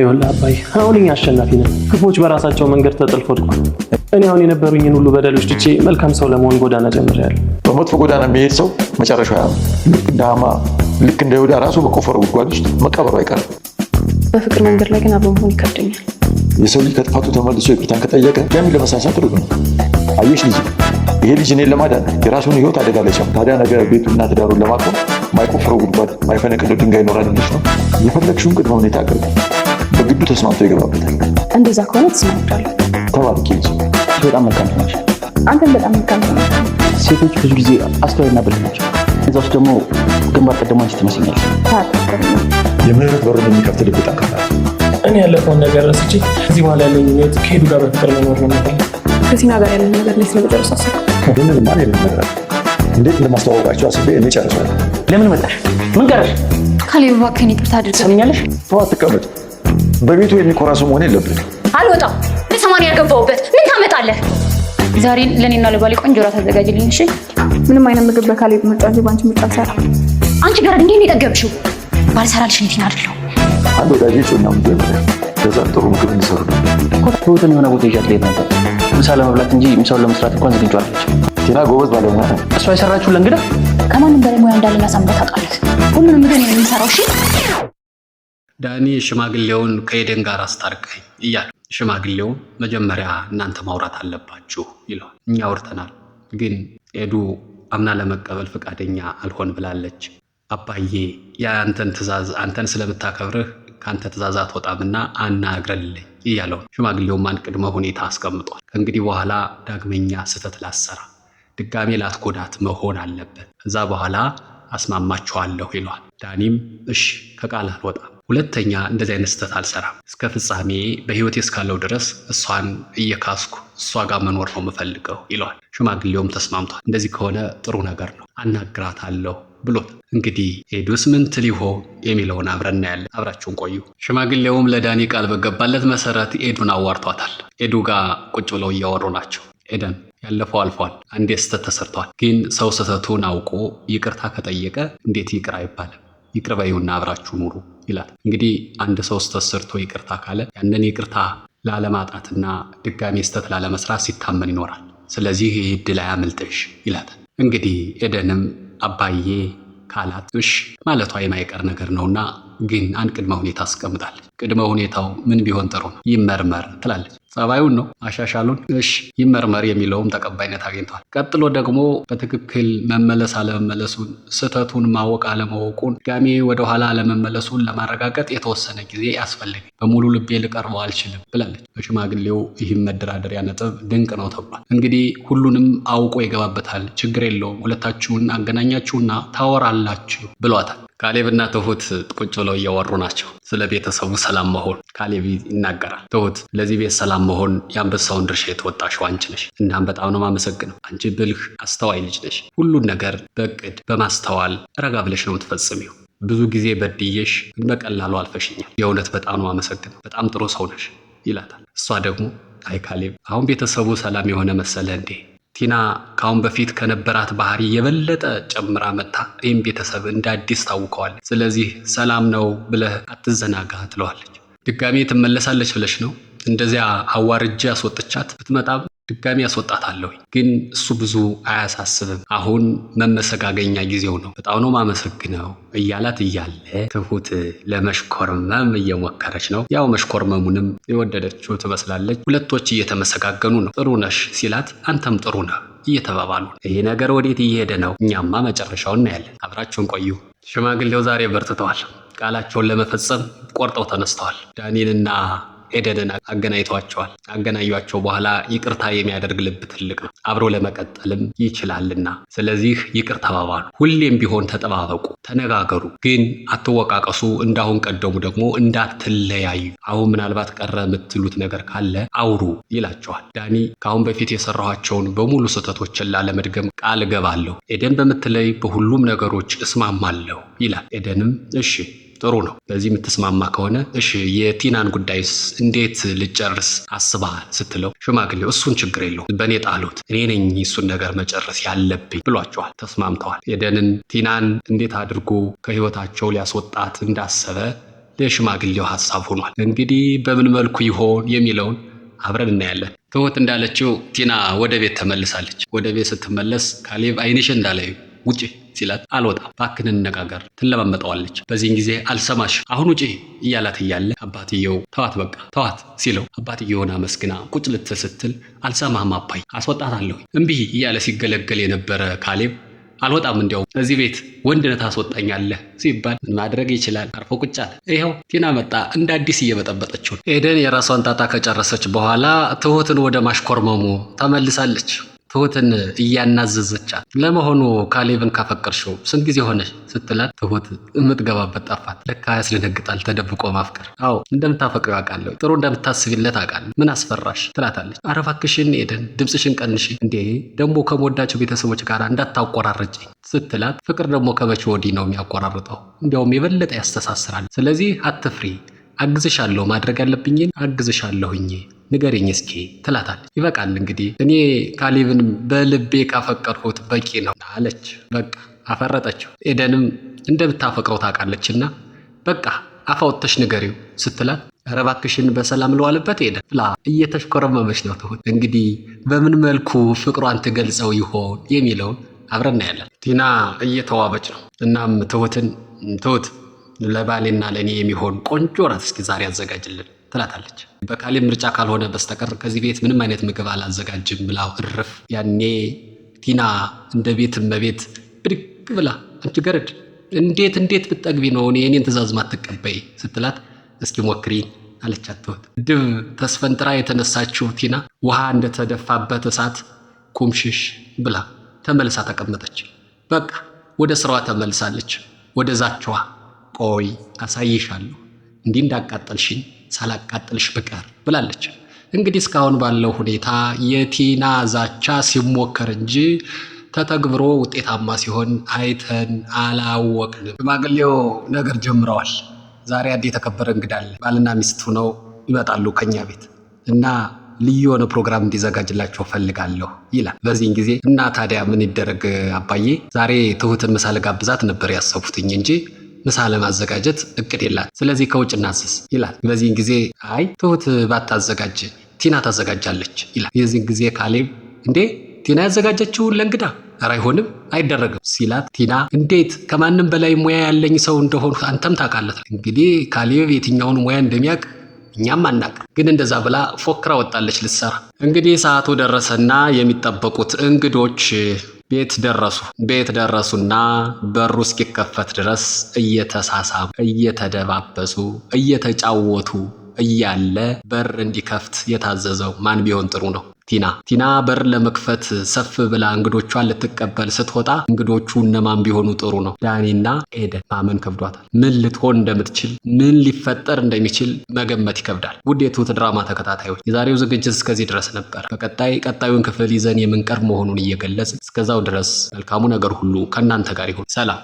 ይኸውልህ አባይ አሁን እኛ አሸናፊ ነን። ክፎች በራሳቸው መንገድ ተጠልፎ ወድቋል። እኔ አሁን የነበሩኝን ሁሉ በደሎች ትቼ መልካም ሰው ለመሆን ጎዳና ጀምሬያለሁ። በመጥፎ ጎዳና የሚሄድ ሰው መጨረሻ ያ ልክ እንደ ሐማ ልክ እንደ ይሁዳ ራሱ በቆፈረ ጉድጓድ ውስጥ መቀበሩ አይቀርም። በፍቅር መንገድ ላይ ግን አብሮ መሆን ይከብደኛል። የሰው ልጅ ከጥፋቱ ተመልሶ ይቅርታን ከጠየቀ ያም ለመሳሳት ሩቅ ነው። አየሽ ልጅ ይሄ ልጅ እኔን ለማዳን የራሱን ህይወት አደጋ ላይ ጨም ታዲያ ነገ ቤቱና ትዳሩን ለማቆም ማይቆፍረው ጉድጓድ ማይፈነቅለው ድንጋይ ይኖራል ልጅ ነው። የፈለግሽውን ቅድመ ሁኔታ አቅርቢ። በግዱ ተስማምቶ ይገባበታል። እንደዛ ከሆነ ተስማምቻለሁ። ተባርቂ ልጅ በጣም መልካም ሆነች። አንተን በጣም መልካም ሆነ። ሴቶች ብዙ ጊዜ አስተዋይና ብልህ ናቸው። እዛ ውስጥ ደግሞ ግንባር ቀደም አንቺ ትመስለኛለሽ። የምህረት በሩን የሚከፍት ልብ ጠንካራ። እኔ ያለፈውን ነገር ረስቼ ከዚህ በኋላ ያለኝ ህይወት ከሄዱ ጋር በፍቅር መኖር ነው ነበር። ከሲና ጋር ያለን ነገር ላይ ስለመጨረስ አሰ ይህንን ማ ነገር እንዴት እንደማስተዋወቃቸው አስቤ እኔ ጨርሷል። ለምን መጣሽ? ምን ቀረሽ? ካሌብ እባክህን ይቅርታ አድርግ። ሰምኛለሽ ተዋ ትቀመጥ በቤቱ የሚኮራ ሰው መሆን የለብንም። አልወጣም። ለሰማን ያልገባውበት ምን ታመጣለህ? ዛሬ ለእኔና ለባሌ ቆንጆ እራት አዘጋጅልኝ። እሺ። ምንም አይነት ምግብ በካሌብ ምርጫ እንጂ በአንቺ ምርጫ ሰራ። አንቺ ጋር እንዴ ነው የጠገብሽው? ባልሰራልሽ እንትን አድለው አንድ ወዳጅ ጽና ምግብ ከዛ ጥሩ ምግብ እንዲሰሩ ነው የሆነ ቦታ ይዣት ልሄድ ነበር። ምሳ ለመብላት እንጂ ምሳውን ለመስራት እንኳን ዝግጁ አለች። ቴና ጎበዝ ባለሙያ ነው። እሷ የሰራችሁ ለእንግዳ ከማንም በላይ ሙያ እንዳለኝ አሳምበት አውቃለች። ሁሉንም ምግብ ነው የምንሰራው። እሺ ዳኒ ሽማግሌውን ከኤደን ጋር አስታርቀኝ እያለ ሽማግሌው መጀመሪያ እናንተ ማውራት አለባችሁ ይለዋል። እኛ አውርተናል፣ ግን ኤዱ አምና ለመቀበል ፈቃደኛ አልሆን ብላለች። አባዬ የአንተን ትእዛዝ አንተን ስለምታከብርህ ከአንተ ትእዛዝ አትወጣምና አናግረልኝ እያለው ሽማግሌውም አንድ ቅድመ ሁኔታ አስቀምጧል። ከእንግዲህ በኋላ ዳግመኛ ስህተት ላሰራ ድጋሜ ላትጎዳት መሆን አለበት፣ ከዛ በኋላ አስማማችኋለሁ ይለዋል። ዳኒም እሽ ከቃል አልወጣም ሁለተኛ እንደዚህ አይነት ስህተት አልሰራም። እስከ ፍጻሜ በህይወቴ እስካለው ድረስ እሷን እየካስኩ እሷ ጋር መኖር ነው የምፈልገው ይለዋል። ሽማግሌውም ተስማምቷል። እንደዚህ ከሆነ ጥሩ ነገር ነው አናግራታለሁ ብሎት እንግዲህ ኤዱስ ምን ትሊሆ የሚለውን አብረን እናያለን። አብራችሁን ቆዩ። ሽማግሌውም ለዳኒ ቃል በገባለት መሰረት ኤዱን አዋርቷታል። ኤዱ ጋር ቁጭ ብለው እያወሩ ናቸው። ኤደን ያለፈው አልፏል። አንዴ ስህተት ተሰርቷል። ግን ሰው ስህተቱን አውቆ ይቅርታ ከጠየቀ እንዴት ይቅር አይባልም? ይቅር በዩና አብራችሁ ኑሩ ይላል። እንግዲህ አንድ ሰው ስተት ሰርቶ ይቅርታ ካለ ያንን ይቅርታ ላለማጣትና ድጋሜ ስተት ላለመስራት ሲታመን ይኖራል። ስለዚህ ይህ ዕድል አያምልጥሽ ይላል። እንግዲህ ኤደንም አባዬ ካላት እሽ ማለቷ የማይቀር ነገር ነውና ግን አንድ ቅድመ ሁኔታ አስቀምጣለች። ቅድመ ሁኔታው ምን ቢሆን ጥሩ ነው? ይመርመር ትላለች። ጸባዩን ነው አሻሻሉን፣ እሽ ይመርመር የሚለውም ተቀባይነት አግኝቷል። ቀጥሎ ደግሞ በትክክል መመለስ አለመመለሱን፣ ስህተቱን ማወቅ አለማወቁን፣ ድጋሜ ወደኋላ አለመመለሱን ለማረጋገጥ የተወሰነ ጊዜ ያስፈልግ፣ በሙሉ ልቤ ልቀርበው አልችልም ብላለች። በሽማግሌው ይህም መደራደሪያ ነጥብ ድንቅ ነው ተብሏል። እንግዲህ ሁሉንም አውቆ ይገባበታል፣ ችግር የለውም ሁለታችሁን አገናኛችሁና ታወራላችሁ ብሏታል። ካሌብ እና ትሁት ቁጭ ብለው እያወሩ ናቸው። ስለ ቤተሰቡ ሰላም መሆን ካሌብ ይናገራል። ትሁት ለዚህ ቤት ሰላም መሆን የአንበሳውን ድርሻ የተወጣሽው አንቺ ነሽ። እናም በጣም ነው የማመሰግነው። አንቺ ብልህ አስተዋይ ልጅ ነሽ። ሁሉን ነገር በእቅድ በማስተዋል ረጋ ብለሽ ነው የምትፈጽሚው። ብዙ ጊዜ በድየሽ በቀላሉ አልፈሽኛል። የእውነት በጣም ነው የማመሰግነው። በጣም ጥሩ ሰው ነሽ ይላታል። እሷ ደግሞ አይ ካሌብ፣ አሁን ቤተሰቡ ሰላም የሆነ መሰለ እንዴ ቲና ከአሁን በፊት ከነበራት ባህሪ የበለጠ ጨምራ መታ ይህም ቤተሰብ እንደ አዲስ ታውቀዋል። ስለዚህ ሰላም ነው ብለህ አትዘናጋ ትለዋለች። ድጋሜ ትመለሳለች ብለሽ ነው እንደዚያ አዋርጃ አስወጥቻት ብትመጣም ድጋሚ ያስወጣታለሁ። ግን እሱ ብዙ አያሳስብም። አሁን መመሰጋገኛ ጊዜው ነው። በጣም ነው ማመሰግነው እያላት እያለ ትሁት ለመሽኮርመም እየሞከረች ነው። ያው መሽኮርመሙንም የወደደችው ትመስላለች። ሁለቶች እየተመሰጋገኑ ነው። ጥሩ ነሽ ሲላት አንተም ጥሩ ነህ እየተባባሉ ይሄ ነገር ወዴት እየሄደ ነው? እኛማ መጨረሻው እናያለን። አብራችሁን ቆዩ። ሽማግሌው ዛሬ በርትተዋል። ቃላቸውን ለመፈጸም ቆርጠው ተነስተዋል። ዳኒንና ኤደንን አገናኝቷቸዋል። አገናኟቸው በኋላ ይቅርታ የሚያደርግ ልብ ትልቅ ነው፣ አብሮ ለመቀጠልም ይችላልና። ስለዚህ ይቅር ተባባሉ። ሁሌም ቢሆን ተጠባበቁ፣ ተነጋገሩ፣ ግን አትወቃቀሱ። እንዳሁን ቀደሙ ደግሞ እንዳትለያዩ። አሁን ምናልባት ቀረ የምትሉት ነገር ካለ አውሩ ይላቸዋል። ዳኒ ከአሁን በፊት የሰራኋቸውን በሙሉ ስህተቶችን ላለመድገም ቃል እገባለሁ። ኤደን በምትለይ በሁሉም ነገሮች እስማማለሁ ይላል። ኤደንም እሺ ጥሩ ነው። በዚህ የምትስማማ ከሆነ እሺ፣ የቲናን ጉዳይስ እንዴት ልጨርስ አስበሃል ስትለው ሽማግሌው እሱን ችግር የለው በእኔ ጣሉት፣ እኔ ነኝ እሱን ነገር መጨረስ ያለብኝ ብሏቸዋል። ተስማምተዋል። ኤደንን ቲናን እንዴት አድርጎ ከህይወታቸው ሊያስወጣት እንዳሰበ ለሽማግሌው ሀሳብ ሆኗል። እንግዲህ በምን መልኩ ይሆን የሚለውን አብረን እናያለን። ትሁት እንዳለችው ቲና ወደ ቤት ተመልሳለች። ወደ ቤት ስትመለስ ካሌብ አይንሽ እንዳለዩ ውጪ ሲላት አልወጣ ባክን እንነጋገር ትለማመጠዋለች። በዚህን ጊዜ አልሰማሽ አሁን ውጪ እያላት እያለ አባትየው ተዋት በቃ ተዋት ሲለው አባትየውን አመስግና ቁጭ ልትል ስትል አልሰማህም አባይ አስወጣታለሁ እምቢ እያለ ሲገለገል የነበረ ካሌብ አልወጣም እንዲያውም እዚህ ቤት ወንድነት ታስወጣኛለህ ሲባል ምን ማድረግ ይችላል? አርፎ ቁጭ አለ። ይኸው ቲና መጣ እንደ አዲስ እየበጠበጠችው። ኤደን የራሷን ጣጣ ከጨረሰች በኋላ ትሁትን ወደ ማሽኮርመሙ ተመልሳለች። ትሁትን እያናዘዘቻት ለመሆኑ ካሌብን ካፈቀርሽው ስንት ጊዜ ሆነሽ ስትላት ትሁት የምትገባበት ጠፋት። ለካ ያስደነግጣል ተደብቆ ማፍቀር። አዎ እንደምታፈቅረው አውቃለሁ፣ ጥሩ እንደምታስብለት አውቃለሁ። ምን አስፈራሽ ትላታለች። ኧረ እባክሽን ሄደን ድምፅሽን ቀንሽ እንዴ ደግሞ ከምወዳቸው ቤተሰቦች ጋር እንዳታቆራረጭኝ ስትላት ፍቅር ደግሞ ከመቼ ወዲህ ነው የሚያቆራርጠው? እንዲያውም የበለጠ ያስተሳስራል። ስለዚህ አትፍሪ፣ አግዝሻለሁ፣ ማድረግ ያለብኝን አግዝሻለሁኝ ንገሪኝ እስኪ ትላታል። ይበቃል እንግዲህ እኔ ካሊብን በልቤ ካፈቀርሁት በቂ ነው አለች። በቃ አፈረጠችው። ኤደንም እንደምታፈቅረው ታውቃለችና በቃ አፋወጥተሽ ንገሪው ስትላት ረባክሽን በሰላም ለዋልበት ሄደ ብላ እየተሽኮረመመች ነው ትሁት። እንግዲህ በምን መልኩ ፍቅሯን ትገልጸው ይሆን የሚለውን አብረን እናያለን። ቲና እየተዋበች ነው። እናም ትሁትን ትሁት ለባሌና ለእኔ የሚሆን ቆንጆ ራት እስኪ ዛሬ አዘጋጅልን ትላታለች። በካሌ ምርጫ ካልሆነ በስተቀር ከዚህ ቤት ምንም አይነት ምግብ አላዘጋጅም ብላው እርፍ። ያኔ ቲና እንደ ቤት እመቤት ብድግ ብላ አንቺ ገረድ እንዴት እንዴት ብጠግቢ ነው እኔ የኔን ትእዛዝ ማትቀበይ ስትላት እስኪ ሞክሪ አለቻት። ትሁት ድብ ተስፈንጥራ የተነሳችው ቲና ውሃ እንደተደፋበት እሳት ኩምሽሽ ብላ ተመልሳ ተቀመጠች። በቃ ወደ ስራዋ ተመልሳለች። ወደ ዛቸዋ ቆይ አሳይሻለሁ እንዲህ እንዳቃጠልሽኝ ሳላቃጥልሽ ብቀር ብላለች። እንግዲህ እስካሁን ባለው ሁኔታ የቲና ዛቻ ሲሞከር እንጂ ተተግብሮ ውጤታማ ሲሆን አይተን አላወቅንም። ሽማግሌው ነገር ጀምረዋል። ዛሬ አንድ የተከበረ እንግዳ አለ። ባልና ሚስት ሆነው ይመጣሉ ከኛ ቤት እና ልዩ የሆነ ፕሮግራም እንዲዘጋጅላቸው ፈልጋለሁ ይላል። በዚህን ጊዜ እና ታዲያ ምን ይደረግ አባዬ፣ ዛሬ ትሁትን ምሳ ልጋብዛት ነበር ያሰቡትኝ እንጂ ምሳ ለማዘጋጀት እቅድ የላት። ስለዚህ ከውጭ እናስስ ይላል። በዚህን ጊዜ አይ ትሁት ባታዘጋጅ ቲና ታዘጋጃለች ይላል። የዚህን ጊዜ ካሌብ እንዴ ቲና ያዘጋጀችውን ለእንግዳ ኧረ አይሆንም አይደረግም ሲላት፣ ቲና እንዴት ከማንም በላይ ሙያ ያለኝ ሰው እንደሆኑ አንተም ታውቃለህ። እንግዲህ ካሌብ የትኛውን ሙያ እንደሚያውቅ እኛም አናቅ፣ ግን እንደዛ ብላ ፎክራ ወጣለች ልትሰራ። እንግዲህ ሰዓቱ ደረሰና የሚጠበቁት እንግዶች ቤት ደረሱ። ቤት ደረሱና በሩ እስኪከፈት ድረስ እየተሳሳሙ፣ እየተደባበሱ፣ እየተጫወቱ እያለ በር እንዲከፍት የታዘዘው ማን ቢሆን ጥሩ ነው? ቲና ቲና በር ለመክፈት ሰፍ ብላ እንግዶቿን ልትቀበል ስትወጣ እንግዶቹ እነማን ቢሆኑ ጥሩ ነው? ዳኒና ኤደን። ማመን ከብዷታል። ምን ልትሆን እንደምትችል ምን ሊፈጠር እንደሚችል መገመት ይከብዳል። ውዴቱ ድራማ ተከታታዮች የዛሬው ዝግጅት እስከዚህ ድረስ ነበር። በቀጣይ ቀጣዩን ክፍል ይዘን የምንቀርብ መሆኑን እየገለጽ እስከዛው ድረስ መልካሙ ነገር ሁሉ ከእናንተ ጋር ይሁን። ሰላም።